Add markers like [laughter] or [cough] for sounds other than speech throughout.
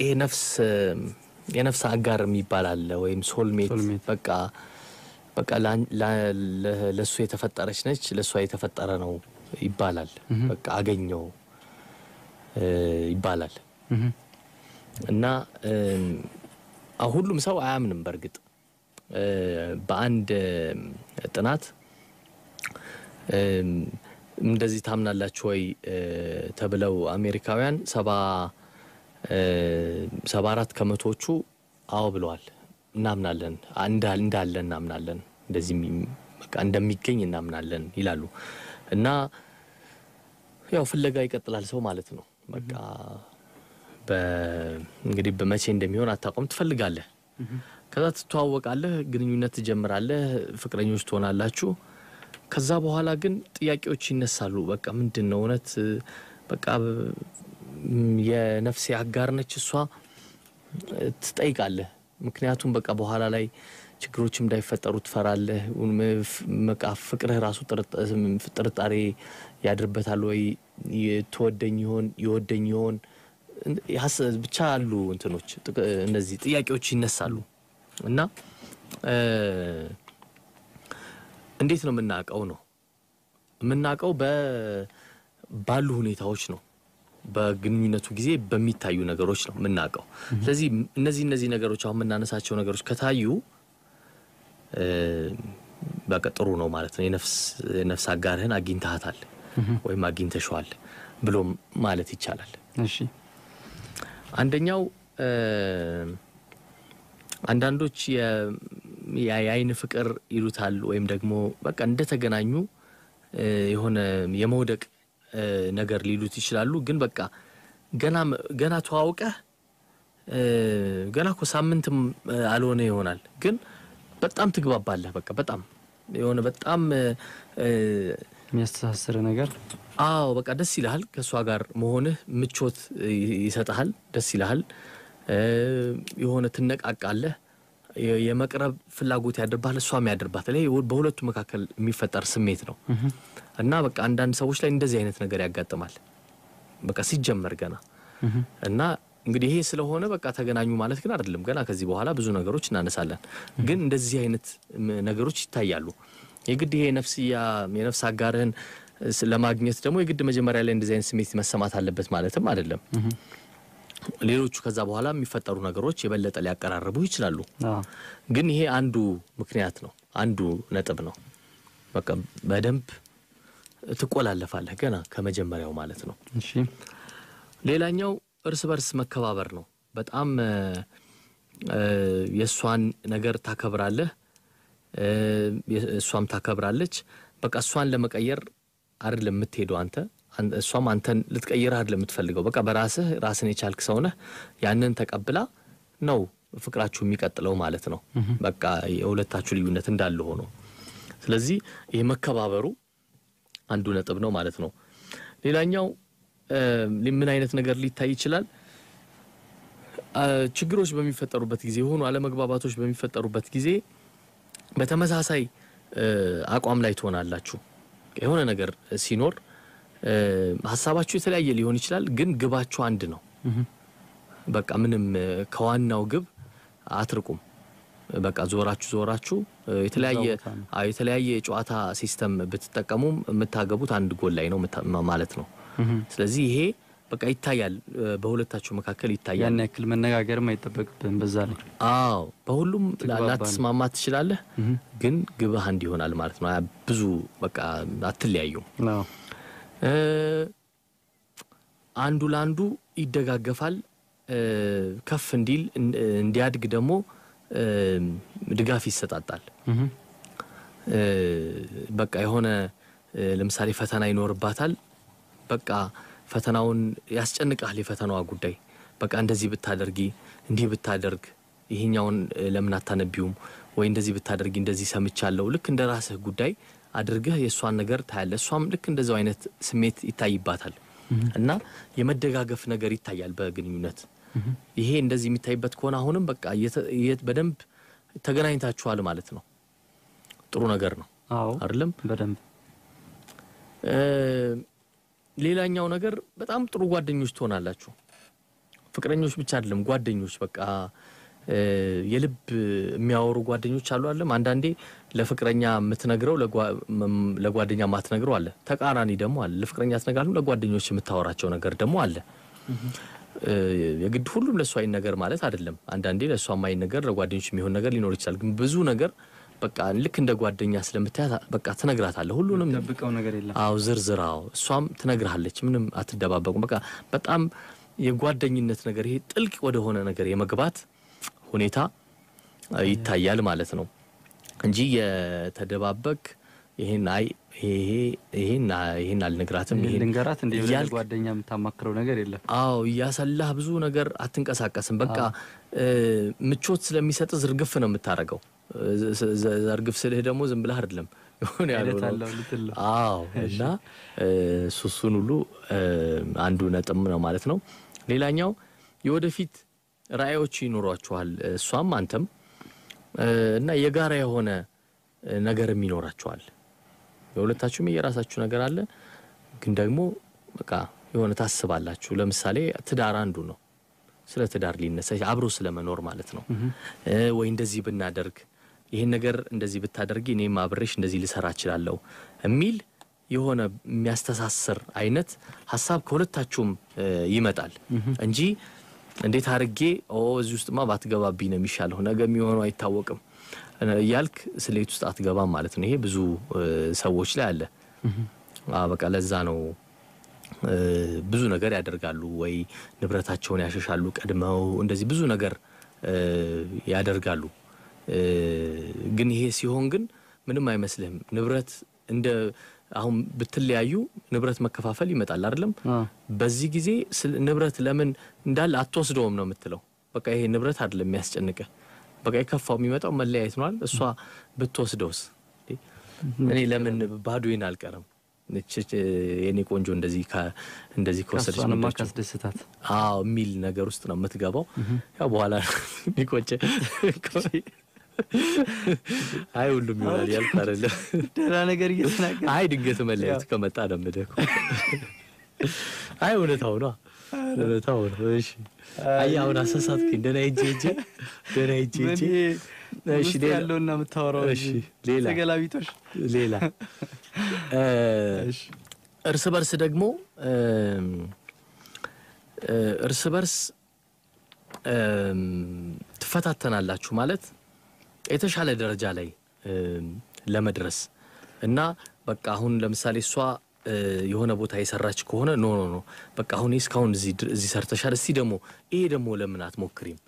ይሄ ነፍስ የነፍስ አጋር የሚባል አለ ወይም ሶልሜት በቃ በቃ ለእሱ የተፈጠረች ነች፣ ለእሷ የተፈጠረ ነው ይባላል። በቃ አገኘው ይባላል እና ሁሉም ሰው አያምንም። በእርግጥ በአንድ ጥናት እንደዚህ ታምናላችሁ ወይ ተብለው አሜሪካውያን ሰባ ሰባ አራት ከመቶዎቹ አዎ ብለዋል። እናምናለን እንዳለ እናምናለን፣ እንደዚህ እንደሚገኝ እናምናለን ይላሉ እና ያው ፍለጋ ይቀጥላል ሰው ማለት ነው። በቃ እንግዲህ በመቼ እንደሚሆን አታቆም ትፈልጋለህ፣ ከዛ ትተዋወቃለህ፣ ግንኙነት ትጀምራለህ፣ ፍቅረኞች ትሆናላችሁ። ከዛ በኋላ ግን ጥያቄዎች ይነሳሉ። በቃ ምንድን ነው እውነት በቃ የነፍሴ አጋር ነች እሷ ትጠይቃለህ። ምክንያቱም በቃ በኋላ ላይ ችግሮች እንዳይፈጠሩ ትፈራለህ። በቃ ፍቅርህ ራሱ ጥርጣሬ ያድርበታል ወይ ትወደኝ ይሆን ይወደኝ ይሆን ብቻ አሉ እንትኖች እነዚህ ጥያቄዎች ይነሳሉ እና እንዴት ነው የምናውቀው ነው የምናውቀው ባሉ ሁኔታዎች ነው በግንኙነቱ ጊዜ በሚታዩ ነገሮች ነው የምናውቀው። ስለዚህ እነዚህ እነዚህ ነገሮች አሁን የምናነሳቸው ነገሮች ከታዩ በቃ ጥሩ ነው ማለት ነው። የነፍስ አጋርህን አግኝተሃታል ወይም አግኝተሸዋል ብሎ ማለት ይቻላል። እሺ አንደኛው አንዳንዶች የአይን ፍቅር ይሉታል ወይም ደግሞ በቃ እንደተገናኙ የሆነ የመውደቅ ነገር ሊሉት ይችላሉ። ግን በቃ ገና ገና ተዋውቀህ ገና እኮ ሳምንትም አልሆነ ይሆናል። ግን በጣም ትግባባለህ። በቃ በጣም የሆነ በጣም የሚያስተሳስር ነገር አዎ፣ በቃ ደስ ይልሃል። ከእሷ ጋር መሆንህ ምቾት ይሰጥሃል፣ ደስ ይልሃል። የሆነ ትነቃቃለህ። የመቅረብ ፍላጎት ያድርባል፣ እሷም ያድርባት። በሁለቱ መካከል የሚፈጠር ስሜት ነው። እና በቃ አንዳንድ ሰዎች ላይ እንደዚህ አይነት ነገር ያጋጥማል። በቃ ሲጀመር ገና እና እንግዲህ ይሄ ስለሆነ በቃ ተገናኙ ማለት ግን አይደለም። ገና ከዚህ በኋላ ብዙ ነገሮች እናነሳለን። ግን እንደዚህ አይነት ነገሮች ይታያሉ። የግድ ይሄ ነፍስያ የነፍስ አጋርህን ለማግኘት ደግሞ የግድ መጀመሪያ ላይ እንደዚህ አይነት ስሜት መሰማት አለበት ማለትም አይደለም። ሌሎቹ ከዛ በኋላ የሚፈጠሩ ነገሮች የበለጠ ሊያቀራርቡ ይችላሉ። ግን ይሄ አንዱ ምክንያት ነው፣ አንዱ ነጥብ ነው። በቃ በደንብ ትቆላለፋለህ ገና ከመጀመሪያው ማለት ነው። እሺ ሌላኛው እርስ በርስ መከባበር ነው። በጣም የእሷን ነገር ታከብራለህ፣ እሷም ታከብራለች። በቃ እሷን ለመቀየር አይደለም የምትሄደው አንተ እሷም አንተን ልትቀይር አይደለም የምትፈልገው። በቃ በራስህ ራስን የቻልክ ሰውነህ ያንን ተቀብላ ነው ፍቅራችሁ የሚቀጥለው ማለት ነው። በቃ የሁለታችሁ ልዩነት እንዳለ ሆኖ ስለዚህ ይህ መከባበሩ አንዱ ነጥብ ነው ማለት ነው። ሌላኛው ምን አይነት ነገር ሊታይ ይችላል? ችግሮች በሚፈጠሩበት ጊዜ የሆኑ አለመግባባቶች በሚፈጠሩበት ጊዜ በተመሳሳይ አቋም ላይ ትሆናላችሁ። የሆነ ነገር ሲኖር ሀሳባችሁ የተለያየ ሊሆን ይችላል፣ ግን ግባችሁ አንድ ነው። በቃ ምንም ከዋናው ግብ አትርቁም። በቃ ዞራችሁ ዞራችሁ የተለያየ ጨዋታ ሲስተም ብትጠቀሙም የምታገቡት አንድ ጎል ላይ ነው ማለት ነው። ስለዚህ ይሄ በቃ ይታያል፣ በሁለታችሁ መካከል ይታያል። ያን ያክል መነጋገርም አይጠበቅብን በዛ ላይ። አዎ በሁሉም ላትስማማ ትችላለህ፣ ግን ግብህ አንድ ይሆናል ማለት ነው። ብዙ በቃ አትለያዩም። አንዱ ለአንዱ ይደጋገፋል፣ ከፍ እንዲል እንዲያድግ ደግሞ ድጋፍ ይሰጣጣል። በቃ የሆነ ለምሳሌ ፈተና ይኖርባታል። በቃ ፈተናውን ያስጨንቃል። የፈተናዋ ጉዳይ በቃ እንደዚህ ብታደርጊ፣ እንዲህ ብታደርግ፣ ይሄኛውን ለምን አታነቢውም ወይ እንደዚህ ብታደርጊ፣ እንደዚህ ሰምቻለሁ። ልክ እንደ ራስህ ጉዳይ አድርገህ የእሷን ነገር ታያለ። እሷም ልክ እንደዚው አይነት ስሜት ይታይባታል እና የመደጋገፍ ነገር ይታያል በግንኙነት ይሄ እንደዚህ የሚታይበት ከሆነ አሁንም በቃ በደንብ ተገናኝታችኋል ማለት ነው። ጥሩ ነገር ነው አይደለም? በደንብ ሌላኛው ነገር በጣም ጥሩ ጓደኞች ትሆናላችሁ። ፍቅረኞች ብቻ አይደለም፣ ጓደኞች በቃ የልብ የሚያወሩ ጓደኞች አሉ። አለም አንዳንዴ ለፍቅረኛ የምትነግረው ለጓደኛ ማትነግረው አለ። ተቃራኒ ደግሞ አለ። ለፍቅረኛ ትነግራለህ፣ ለጓደኞች የምታወራቸው ነገር ደግሞ አለ። የግድ ሁሉም ለእሱ አይን ነገር ማለት አይደለም። አንዳንዴ ለእሱ አይን ነገር ለጓደኞች የሚሆን ነገር ሊኖር ይችላል። ግን ብዙ ነገር በቃ ልክ እንደ ጓደኛ ስለምታያት በቃ ትነግራታለህ። ሁሉንም አዎ፣ ዝርዝር አዎ፣ እሷም ትነግርሃለች። ምንም አትደባበቁም። በቃ በጣም የጓደኝነት ነገር ይሄ ጥልቅ ወደሆነ ነገር የመግባት ሁኔታ ይታያል ማለት ነው እንጂ የተደባበቅ ይሄን አይ ይሄን አልነግራትም ልንገራት እንደ ጓደኛ የምታማክረው ነገር የለም። አዎ እያሰላህ ብዙ ነገር አትንቀሳቀስም። በቃ ምቾት ስለሚሰጥ ዝርግፍ ነው የምታደርገው። ዘርግፍ ስልህ ደግሞ ዝም ብለህ አይደለም ሆን ያለው እና እሱን ሁሉ አንዱ ነጥብ ነው ማለት ነው። ሌላኛው የወደፊት ራእዮች ይኖሯችኋል፣ እሷም አንተም እና የጋራ የሆነ ነገርም ይኖራችኋል። የሁለታችሁም የራሳችሁ ነገር አለ። ግን ደግሞ በቃ የሆነ ታስባላችሁ። ለምሳሌ ትዳር አንዱ ነው። ስለ ትዳር ሊነሳ አብሮ ስለመኖር ማለት ነው። ወይ እንደዚህ ብናደርግ ይህን ነገር እንደዚህ ብታደርጊ እኔም አብሬሽ እንደዚህ ልሰራ እችላለሁ የሚል የሆነ የሚያስተሳስር አይነት ሀሳብ ከሁለታችሁም ይመጣል እንጂ እንዴት አድርጌ እዚህ ውስጥማ ባትገባብኝ ነው የሚሻለው ነገ የሚሆነው አይታወቅም እያልክ ስሌት ውስጥ አትገባም ማለት ነው። ይሄ ብዙ ሰዎች ላይ አለ። በቃ ለዛ ነው ብዙ ነገር ያደርጋሉ ወይ ንብረታቸውን ያሸሻሉ፣ ቀድመው እንደዚህ ብዙ ነገር ያደርጋሉ። ግን ይሄ ሲሆን ግን ምንም አይመስልህም። ንብረት እንደ አሁን ብትለያዩ ንብረት መከፋፈል ይመጣል አይደለም? በዚህ ጊዜ ንብረት ለምን እንዳለ አትወስደውም ነው የምትለው። በቃ ይሄ ንብረት አይደለም የሚያስጨንቀህ በቃ የከፋው የሚመጣው መለያየት ነዋል። እሷ ብትወስደውስ እኔ ለምን ባዶዬን አልቀርም? የኔ ቆንጆ እንደዚህ እንደዚህ ከወሰደች አዎ የሚል ነገር ውስጥ ነው የምትገባው። ያው በኋላ ሚቆጨ [laughs] [laughs] አይ ሁሉም ይሆናል ያልኩ አይደለም። ደህና ነገር እየተናገር አይ ድንገት መለያየት ከመጣ ደምደህ [laughs] አይ እውነታው ነው። አሁን ያለውና የምታወራው ሌላ [laughs] እርስ በርስ ደግሞ እርስ በርስ ትፈታተናላችሁ ማለት የተሻለ ደረጃ ላይ ለመድረስ እና በቃ አሁን ለምሳሌ እሷ የሆነ ቦታ የሰራች ከሆነ ኖ ኖ ኖ በቃ አሁን እስካሁን እዚህ ሰርተሻል፣ እስቲ ደግሞ ይሄ ደግሞ ለምን አትሞክሪም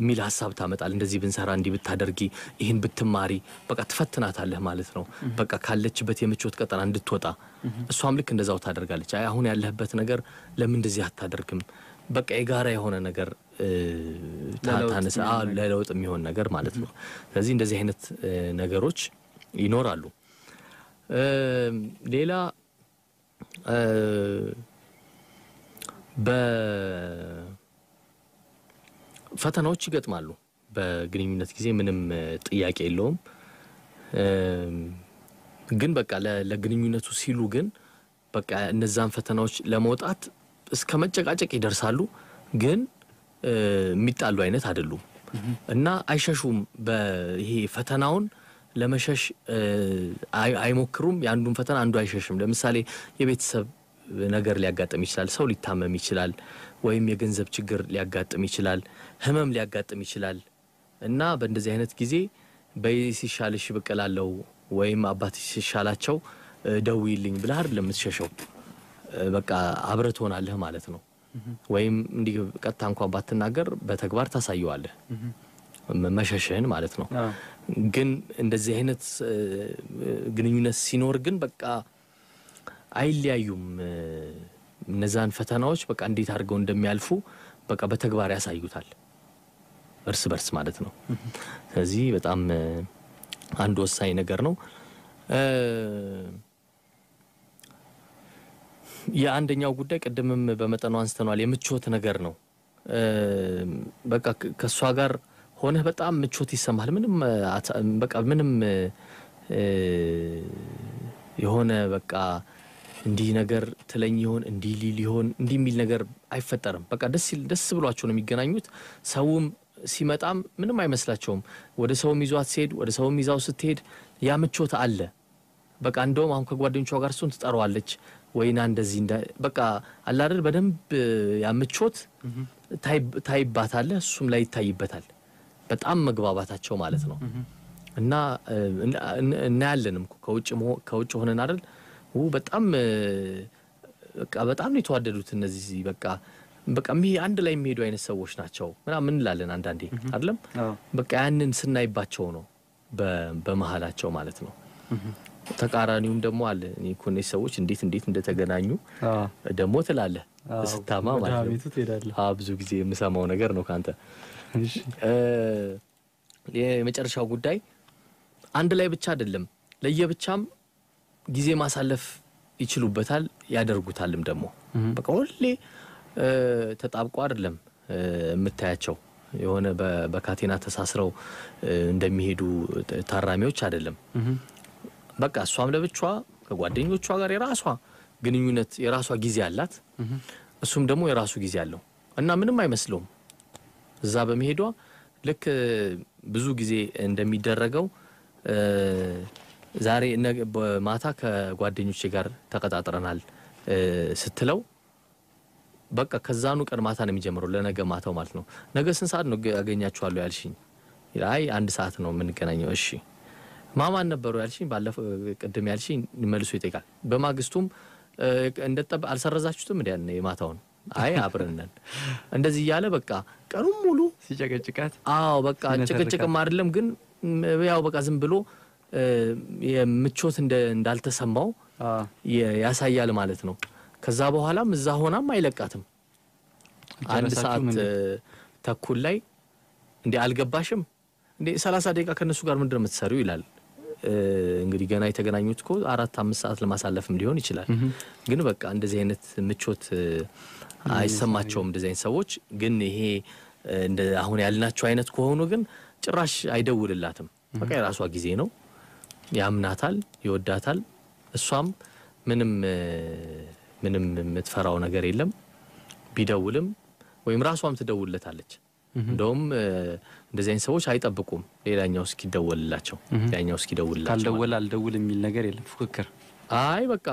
የሚል ሀሳብ ታመጣል። እንደዚህ ብንሰራ፣ እንዲህ ብታደርጊ፣ ይህን ብትማሪ፣ በቃ ትፈትናታለህ ማለት ነው። በቃ ካለችበት የምቾት ቀጠና እንድትወጣ እሷም ልክ እንደዛው ታደርጋለች። አይ አሁን ያለህበት ነገር ለምን እንደዚህ አታደርግም? በቃ የጋራ የሆነ ነገር ታነሳ ለለውጥ የሚሆን ነገር ማለት ነው። ስለዚህ እንደዚህ አይነት ነገሮች ይኖራሉ። ሌላ በፈተናዎች ይገጥማሉ። በግንኙነት ጊዜ ምንም ጥያቄ የለውም። ግን በቃ ለግንኙነቱ ሲሉ ግን በቃ እነዛን ፈተናዎች ለመውጣት እስከ መጨቃጨቅ ይደርሳሉ። ግን የሚጣሉ አይነት አይደሉም እና አይሸሹም። ይሄ ፈተናውን ለመሸሽ አይሞክሩም። የአንዱን ፈተና አንዱ አይሸሽም። ለምሳሌ የቤተሰብ ነገር ሊያጋጥም ይችላል። ሰው ሊታመም ይችላል። ወይም የገንዘብ ችግር ሊያጋጥም ይችላል። ህመም ሊያጋጥም ይችላል እና በእንደዚህ አይነት ጊዜ በይ ሲሻልሽ ወይም አባት ሲሻላቸው ደውይልኝ ብለህ አይደለም የምትሸሸው። በቃ አብረህ ትሆናለህ ማለት ነው። ወይም እንዲህ ቀጥታ እንኳን ባትናገር በተግባር ታሳየዋለህ መሸሽህን ማለት ነው። ግን እንደዚህ አይነት ግንኙነት ሲኖር ግን በቃ አይለያዩም። እነዛን ፈተናዎች በቃ እንዴት አድርገው እንደሚያልፉ በቃ በተግባር ያሳዩታል፣ እርስ በርስ ማለት ነው። ስለዚህ በጣም አንድ ወሳኝ ነገር ነው። የአንደኛው ጉዳይ ቅድምም በመጠኑ አንስተኗል፣ የምቾት ነገር ነው። በቃ ከእሷ ጋር ሆነህ በጣም ምቾት ይሰማል። ምንም በቃ ምንም የሆነ በቃ እንዲህ ነገር ትለኝ ይሆን እንዲህ ሊል ይሆን እንዲህ የሚል ነገር አይፈጠርም። በቃ ደስ ደስ ብሏቸው ነው የሚገናኙት። ሰውም ሲመጣም ምንም አይመስላቸውም። ወደ ሰውም ይዟት ሲሄድ፣ ወደ ሰውም ይዛው ስትሄድ ያ ምቾት አለ። በቃ እንደውም አሁን ከጓደኞቿ ጋር እሱን ትጠራዋለች ወይና እንደዚህ በቃ አላደር በደንብ ያ ምቾት ታይባታለህ፣ እሱም ላይ ይታይበታል። በጣም መግባባታቸው ማለት ነው። እና እናያለንም ከውጭ ሆነን አይደል በጣም በቃ በጣም ነው የተዋደዱት እነዚህ በቃ በቃ አንድ ላይ የሚሄዱ አይነት ሰዎች ናቸው ምናምን እንላለን አንዳንዴ አይደለም። በቃ ያንን ስናይባቸው ነው በመሀላቸው ማለት ነው። ተቃራኒውም ደግሞ አለ። ኮኔ ሰዎች እንዴት እንዴት እንደተገናኙ ደግሞ ትላለህ ስታማ ማለት ነው። ብዙ ጊዜ የምሰማው ነገር ነው ከአንተ የመጨረሻው ጉዳይ አንድ ላይ ብቻ አይደለም፣ ለየብቻም ጊዜ ማሳለፍ ይችሉበታል፣ ያደርጉታልም ደግሞ በቃ ሁሌ ተጣብቆ አይደለም የምታያቸው የሆነ በካቴና ተሳስረው እንደሚሄዱ ታራሚዎች አይደለም። በቃ እሷም ለብቿ ከጓደኞቿ ጋር የራሷ ግንኙነት የራሷ ጊዜ አላት፣ እሱም ደግሞ የራሱ ጊዜ አለው እና ምንም አይመስለውም። እዛ በመሄዷ ልክ ብዙ ጊዜ እንደሚደረገው ዛሬ ማታ ከጓደኞቼ ጋር ተቀጣጥረናል ስትለው በቃ ከዛኑ ቀን ማታ ነው የሚጀምረው፣ ለነገ ማታው ማለት ነው። ነገ ስንት ሰዓት ነው ያገኛችኋለሁ ያልሽኝ? አይ አንድ ሰዓት ነው የምንገናኘው። እሺ ማማን ነበሩ ያልሽኝ? ባለፈው ቅድም ያልሽኝ መልሶ ይጠይቃል። በማግስቱም እንደጠበ አልሰረዛችሁትም እንዲያ የማታውን አይ አብረነን እንደዚህ እያለ በቃ ቀኑም ሙሉ ሲጨቀጭቃት፣ አዎ በቃ ጭቅጭቅም አይደለም ግን ያው በቃ ዝም ብሎ የምቾት እንዳልተሰማው ያሳያል ማለት ነው። ከዛ በኋላም እዛ ሆናም አይለቃትም። አንድ ሰዓት ተኩል ላይ እንዴ አልገባሽም እንዴ ሰላሳ ደቂቃ ከእነሱ ጋር ምንድነው የምትሰሪው ይላል። እንግዲህ ገና የተገናኙት እኮ አራት አምስት ሰዓት ለማሳለፍም ሊሆን ይችላል። ግን በቃ እንደዚህ አይነት ምቾት አይሰማቸውም። እንደዚህ አይነት ሰዎች ግን ይሄ አሁን ያልናቸው አይነት ከሆኑ ግን ጭራሽ አይደውልላትም። በቃ የራሷ ጊዜ ነው። ያምናታል፣ ይወዳታል። እሷም ምንም ምንም የምትፈራው ነገር የለም። ቢደውልም ወይም ራሷም ትደውልለታለች። እንደውም እንደዚህ አይነት ሰዎች አይጠብቁም ሌላኛው እስኪደወልላቸው ሌላኛው እስኪደውልላቸው ካልደወል አልደውል የሚል ነገር የለም ፉክክር አይ በቃ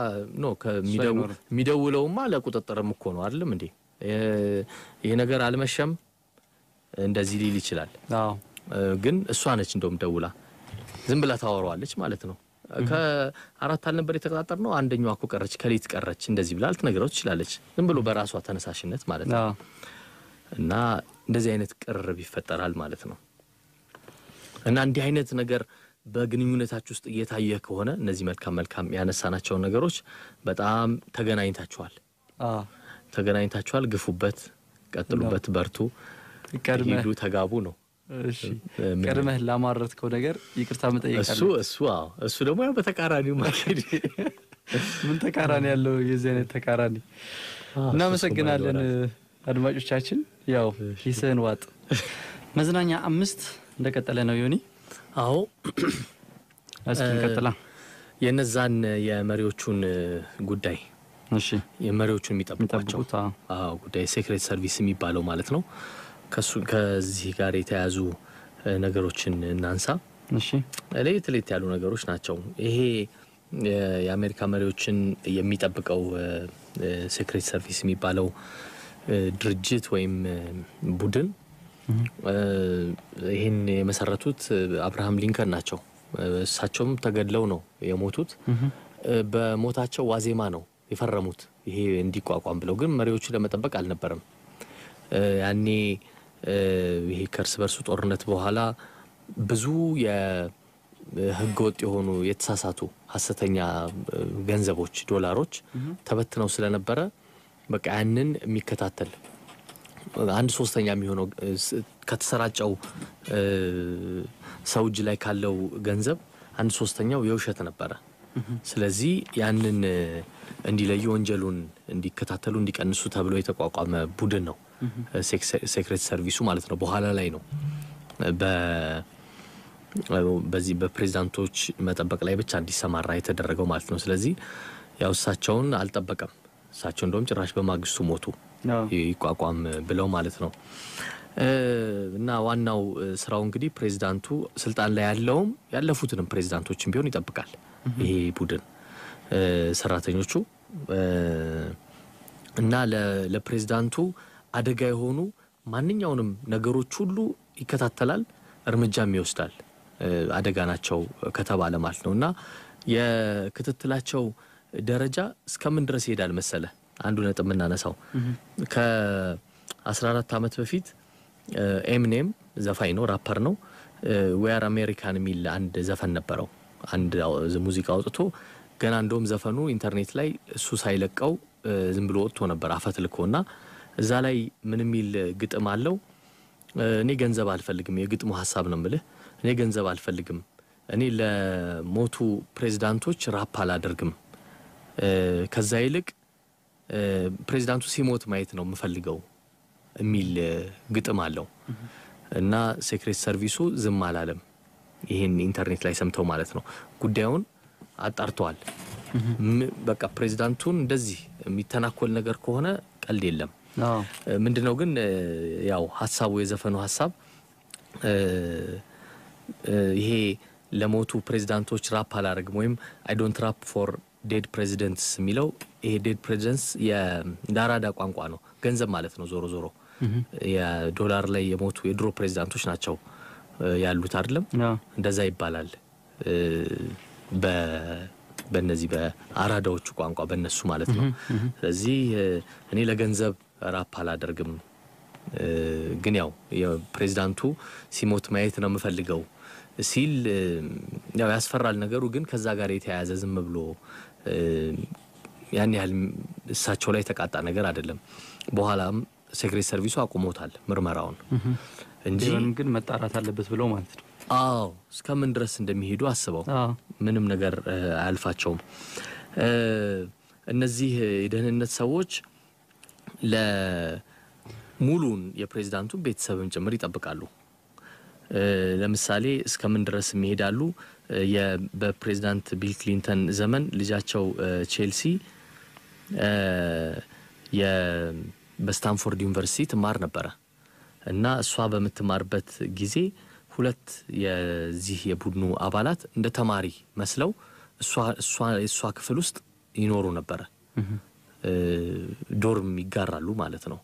ኖ ከሚደውለውማ ለቁጥጥርም እኮ ነው አይደለም እንዴ? ይሄ ነገር አልመሸም እንደዚህ ሊል ይችላል። ግን እሷ ነች እንደውም ደውላ ዝም ብላ ታወራዋለች ማለት ነው። ከአራት አልነበር የተቀጣጠር ነው አንደኛዋ እኮ ቀረች፣ ከሌት ቀረች እንደዚህ ብላ ልትነግረው ትችላለች። ዝም ብሎ በራሷ ተነሳሽነት ማለት ነው። እና እንደዚህ አይነት ቅርብ ይፈጠራል ማለት ነው። እና እንዲህ አይነት ነገር በግንኙነታችሁ ውስጥ እየታየ ከሆነ እነዚህ መልካም መልካም ያነሳናቸውን ነገሮች በጣም ተገናኝታችኋል ተገናኝታችኋል፣ ግፉበት፣ ቀጥሉበት፣ በርቱ፣ ሂዱ፣ ተጋቡ ነው። ቀድመህ ላማረትከው ነገር ይቅርታ መጠየቅ እሱ እሱ እሱ ደግሞ ያው በተቃራኒው [laughs] ምን ተቃራኒ ያለው የዚህ አይነት ተቃራኒ። እናመሰግናለን አድማጮቻችን። ያው ሂስህን ዋጥ መዝናኛ አምስት እንደቀጠለ ነው ዮኒ አዎ [clears throat] እስኪ እንቀጥላ። [clears throat] የነዛን የመሪዎቹን ጉዳይ እሺ፣ የመሪዎቹን የሚጠብቋቸው ጉዳይ ሴክሬት ሰርቪስ የሚባለው ማለት ነው። ከሱ ከዚህ ጋር የተያያዙ ነገሮችን እናንሳ። ለየት ለየት ያሉ ነገሮች ናቸው። ይሄ የአሜሪካ መሪዎችን የሚጠብቀው ሴክሬት ሰርቪስ የሚባለው ድርጅት ወይም ቡድን ይህን የመሰረቱት አብርሃም ሊንከን ናቸው። እሳቸውም ተገድለው ነው የሞቱት። በሞታቸው ዋዜማ ነው የፈረሙት ይሄ እንዲቋቋም ብለው። ግን መሪዎቹ ለመጠበቅ አልነበረም። ያኔ ይሄ ከእርስ በርሱ ጦርነት በኋላ ብዙ የህገ ወጥ የሆኑ የተሳሳቱ ሀሰተኛ ገንዘቦች፣ ዶላሮች ተበትነው ስለነበረ በቃ ያንን የሚከታተል አንድ ሶስተኛ የሚሆነው ከተሰራጨው ሰው እጅ ላይ ካለው ገንዘብ አንድ ሶስተኛው የውሸት ነበረ። ስለዚህ ያንን እንዲለዩ ወንጀሉን እንዲከታተሉ እንዲቀንሱ ተብሎ የተቋቋመ ቡድን ነው ሴክሬት ሰርቪሱ ማለት ነው። በኋላ ላይ ነው በዚህ በፕሬዚዳንቶች መጠበቅ ላይ ብቻ እንዲሰማራ የተደረገው ማለት ነው። ስለዚህ ያው እሳቸውን አልጠበቀም። እሳቸው እንደውም ጭራሽ በማግስቱ ሞቱ። ይቋቋም ብለው ማለት ነው። እና ዋናው ስራው እንግዲህ ፕሬዚዳንቱ ስልጣን ላይ ያለውም ያለፉትንም ፕሬዚዳንቶችን ቢሆን ይጠብቃል። ይሄ ቡድን ሰራተኞቹ እና ለፕሬዚዳንቱ አደጋ የሆኑ ማንኛውንም ነገሮች ሁሉ ይከታተላል፣ እርምጃም ይወስዳል። አደጋ ናቸው ከተባለ ማለት ነው እና የክትትላቸው ደረጃ እስከምን ድረስ ይሄዳል መሰለ አንዱ ነጥብ የምናነሳው ከ14 ዓመት በፊት ኤምኔም ዘፋኝ ነው፣ ራፐር ነው። ዌር አሜሪካን የሚል አንድ ዘፈን ነበረው። አንድ ሙዚቃ አውጥቶ ገና እንደውም ዘፈኑ ኢንተርኔት ላይ እሱ ሳይለቀው ዝም ብሎ ወጥቶ ነበር አፈት ልኮ እና እዛ ላይ ምን የሚል ግጥም አለው? እኔ ገንዘብ አልፈልግም። የግጥሙ ሀሳብ ነው ምልህ። እኔ ገንዘብ አልፈልግም። እኔ ለሞቱ ፕሬዚዳንቶች ራፕ አላደርግም። ከዛ ይልቅ ፕሬዚዳንቱ ሲሞት ማየት ነው የምፈልገው የሚል ግጥም አለው እና ሴክሬት ሰርቪሱ ዝም አላለም። ይህን ኢንተርኔት ላይ ሰምተው ማለት ነው ጉዳዩን አጣርተዋል። በቃ ፕሬዚዳንቱን እንደዚህ የሚተናኮል ነገር ከሆነ ቀልድ የለም። ምንድነው ግን ያው ሀሳቡ የዘፈኑ ሀሳብ ይሄ ለሞቱ ፕሬዚዳንቶች ራፕ አላደርግም ወይም አይ ዶንት ራፕ ፎር ዴድ ፕሬዚደንትስ የሚለው ይሄ ዴድ ፕሬዚደንትስ እንደ አራዳ ቋንቋ ነው፣ ገንዘብ ማለት ነው። ዞሮ ዞሮ የዶላር ላይ የሞቱ የድሮ ፕሬዚዳንቶች ናቸው ያሉት አይደለም? እንደዛ ይባላል በእነዚህ በአራዳዎቹ ቋንቋ በእነሱ ማለት ነው። ስለዚህ እኔ ለገንዘብ ራፕ አላደርግም፣ ግን ያው የፕሬዚዳንቱ ሲሞት ማየት ነው የምፈልገው ሲል ያው ያስፈራል ነገሩ። ግን ከዛ ጋር የተያያዘ ዝም ብሎ ያን ያህል እሳቸው ላይ የተቃጣ ነገር አይደለም። በኋላም ሴክሬት ሰርቪሱ አቁሞታል ምርመራውን እንጂ ግን መጣራት አለበት ብለው ማለት ነው። አዎ እስከምን ድረስ እንደሚሄዱ አስበው ምንም ነገር አያልፋቸውም። እነዚህ የደህንነት ሰዎች ለሙሉን የፕሬዚዳንቱን ቤተሰብም ጭምር ይጠብቃሉ። ለምሳሌ እስከምን ድረስ የሚሄዳሉ? በፕሬዚዳንት ቢል ክሊንተን ዘመን ልጃቸው ቼልሲ በስታንፎርድ ዩኒቨርሲቲ ትማር ነበረ እና እሷ በምትማርበት ጊዜ ሁለት የዚህ የቡድኑ አባላት እንደ ተማሪ መስለው እሷ ክፍል ውስጥ ይኖሩ ነበረ ዶርም ይጋራሉ ማለት ነው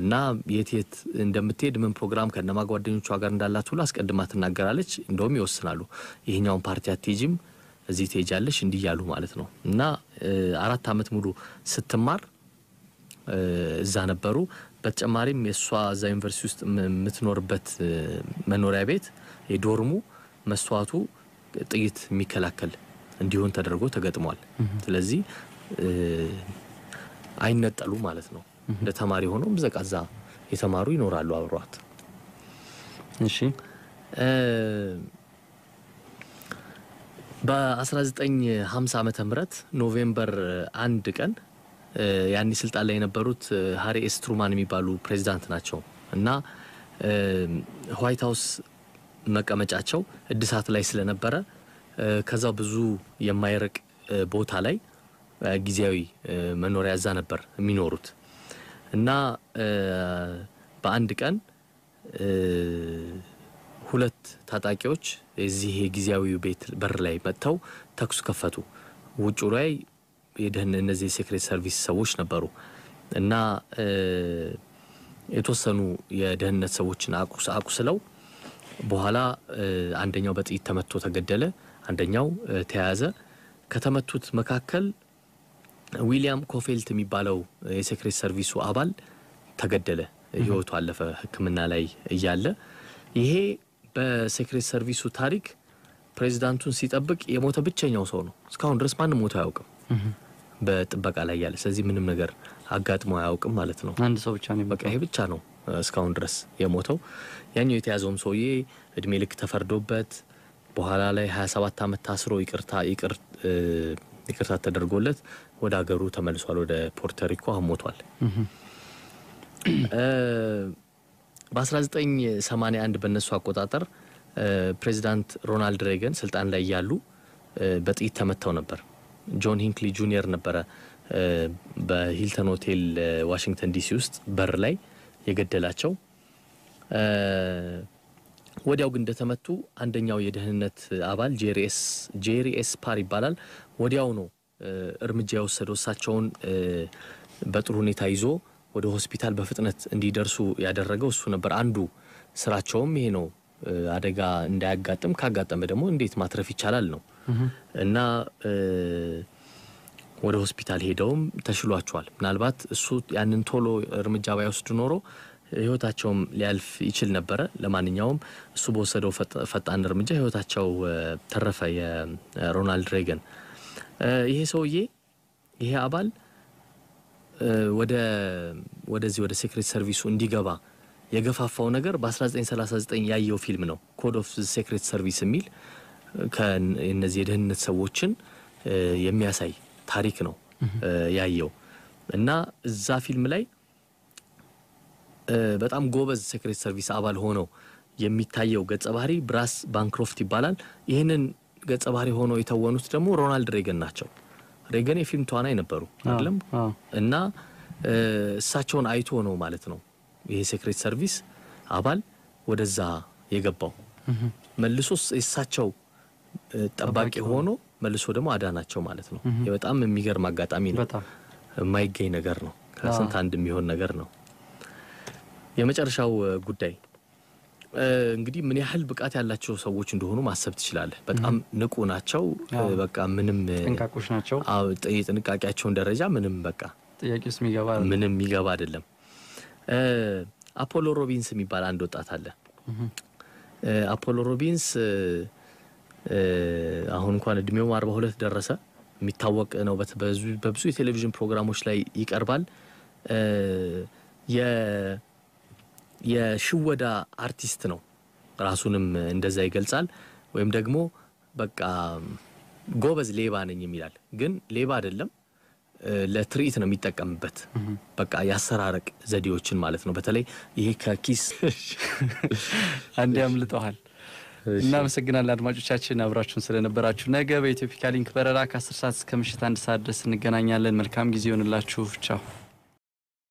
እና የት የት እንደምትሄድ ምን ፕሮግራም ከነማ ጓደኞቿ ጋር እንዳላት ሁሉ አስቀድማ ትናገራለች። እንደውም ይወስናሉ። ይህኛውን ፓርቲ አትጂም እዚህ ትሄጃለሽ፣ እንዲህ ያሉ ማለት ነው እና አራት ዓመት ሙሉ ስትማር እዛ ነበሩ። በተጨማሪም የእሷ እዛ ዩኒቨርሲቲ ውስጥ የምትኖርበት መኖሪያ ቤት የዶርሙ መስታወቱ ጥይት የሚከላከል እንዲሆን ተደርጎ ተገጥሟል። ስለዚህ አይነጠሉ ማለት ነው። እንደ ተማሪ ሆነው ዘቃዛ የተማሩ ይኖራሉ አብሯት። እሺ በ1950 ዓመተ ምህረት ኖቬምበር አንድ ቀን ያኔ ስልጣን ላይ የነበሩት ሀሪ ኤስ ትሩማን የሚባሉ ፕሬዚዳንት ናቸው እና ዋይት ሀውስ መቀመጫቸው እድሳት ላይ ስለነበረ ከዛ ብዙ የማይርቅ ቦታ ላይ ጊዜያዊ መኖሪያ እዛ ነበር የሚኖሩት እና በአንድ ቀን ሁለት ታጣቂዎች የዚህ የጊዜያዊ ቤት በር ላይ መጥተው ተኩስ ከፈቱ። ውጭ ላይ የደህን እነዚህ የሴክሬት ሰርቪስ ሰዎች ነበሩ እና የተወሰኑ የደህንነት ሰዎችን አቁስለው በኋላ አንደኛው በጥይት ተመቶ ተገደለ። አንደኛው ተያያዘ። ከተመቱት መካከል ዊሊያም ኮፌልት የሚባለው የሴክሬት ሰርቪሱ አባል ተገደለ፣ ህይወቱ አለፈ ህክምና ላይ እያለ። ይሄ በሴክሬት ሰርቪሱ ታሪክ ፕሬዚዳንቱን ሲጠብቅ የሞተ ብቸኛው ሰው ነው። እስካሁን ድረስ ማንም ሞቶ አያውቅም በጥበቃ ላይ ያለ። ስለዚህ ምንም ነገር አጋጥሞ አያውቅም ማለት ነው። አንድ ሰው ብቻ ነው፣ በቃ ይሄ ብቻ ነው እስካሁን ድረስ የሞተው። ያኛው የተያዘውም ሰውዬ እድሜ ልክ ተፈርዶበት በኋላ ላይ 27 ዓመት ታስሮ ይቅርታ ይቅርታ ተደርጎለት ወደ ሀገሩ ተመልሷል። ወደ ፖርተሪኮ አሞቷል። በ1981 በነሱ አቆጣጠር ፕሬዚዳንት ሮናልድ ሬገን ስልጣን ላይ እያሉ በጥይት ተመተው ነበር። ጆን ሂንክሊ ጁኒየር ነበረ በሂልተን ሆቴል ዋሽንግተን ዲሲ ውስጥ በር ላይ የገደላቸው። ወዲያው ግን እንደተመቱ አንደኛው የደህንነት አባል ጄሪ ኤስ ፓር ይባላል። ወዲያው ነው እርምጃ የወሰደው እሳቸውን በጥሩ ሁኔታ ይዞ ወደ ሆስፒታል በፍጥነት እንዲደርሱ ያደረገው እሱ ነበር። አንዱ ስራቸውም ይሄ ነው። አደጋ እንዳያጋጥም ካጋጠመ ደግሞ እንዴት ማትረፍ ይቻላል ነው እና ወደ ሆስፒታል ሄደውም ተሽሏቸዋል። ምናልባት እሱ ያንን ቶሎ እርምጃ ባይወስድ ኖሮ ህይወታቸውም ሊያልፍ ይችል ነበረ። ለማንኛውም እሱ በወሰደው ፈጣን እርምጃ ህይወታቸው ተረፈ የሮናልድ ሬገን ይሄ ሰውዬ ይሄ አባል ወደዚህ ወደ ሴክሬት ሰርቪሱ እንዲገባ የገፋፋው ነገር በ1939 ያየው ፊልም ነው። ኮድ ኦፍ ሴክሬት ሰርቪስ የሚል ከእነዚህ የደህንነት ሰዎችን የሚያሳይ ታሪክ ነው ያየው እና እዛ ፊልም ላይ በጣም ጎበዝ ሴክሬት ሰርቪስ አባል ሆነው የሚታየው ገጸ ባህሪ ብራስ ባንክሮፍት ይባላል። ይህንን ገጸ ባህሪ ሆነው የተወኑት ደግሞ ሮናልድ ሬገን ናቸው። ሬገን የፊልም ተዋናይ ነበሩ አይደለም እና እሳቸውን አይቶ ነው ማለት ነው ይሄ ሴክሬት ሰርቪስ አባል ወደዛ የገባው መልሶ የእሳቸው ጠባቂ ሆኖ መልሶ ደግሞ አዳናቸው ማለት ነው። በጣም የሚገርም አጋጣሚ ነው። የማይገኝ ነገር ነው። ከስንት አንድ የሚሆን ነገር ነው። የመጨረሻው ጉዳይ እንግዲህ ምን ያህል ብቃት ያላቸው ሰዎች እንደሆኑ ማሰብ ትችላለህ። በጣም ንቁ ናቸው። በቃ ምንም ጥንቃቆች ናቸው። የጥንቃቄያቸውን ደረጃ ምንም በቃ ጥያቄ ውስጥ የሚገባ ምንም የሚገባ አይደለም። አፖሎ ሮቢንስ የሚባል አንድ ወጣት አለ። አፖሎ ሮቢንስ አሁን እንኳን እድሜውም አርባ ሁለት ደረሰ። የሚታወቅ ነው። በብዙ የቴሌቪዥን ፕሮግራሞች ላይ ይቀርባል። የሽወዳ አርቲስት ነው። ራሱንም እንደዛ ይገልጻል። ወይም ደግሞ በቃ ጎበዝ ሌባ ነኝ የሚላል ግን ሌባ አይደለም። ለትርኢት ነው የሚጠቀምበት። በቃ የአሰራረቅ ዘዴዎችን ማለት ነው። በተለይ ይሄ ከኪስ አንድ ያምልጠዋል። እናመሰግናለን አድማጮቻችን አብራችሁን ስለነበራችሁ። ነገ በኢትዮፒካ ሊንክ በረራ ከ ሰዓት እስከ ምሽት አንድ ሰዓት ድረስ እንገናኛለን። መልካም ጊዜ ይሆንላችሁ። ቻው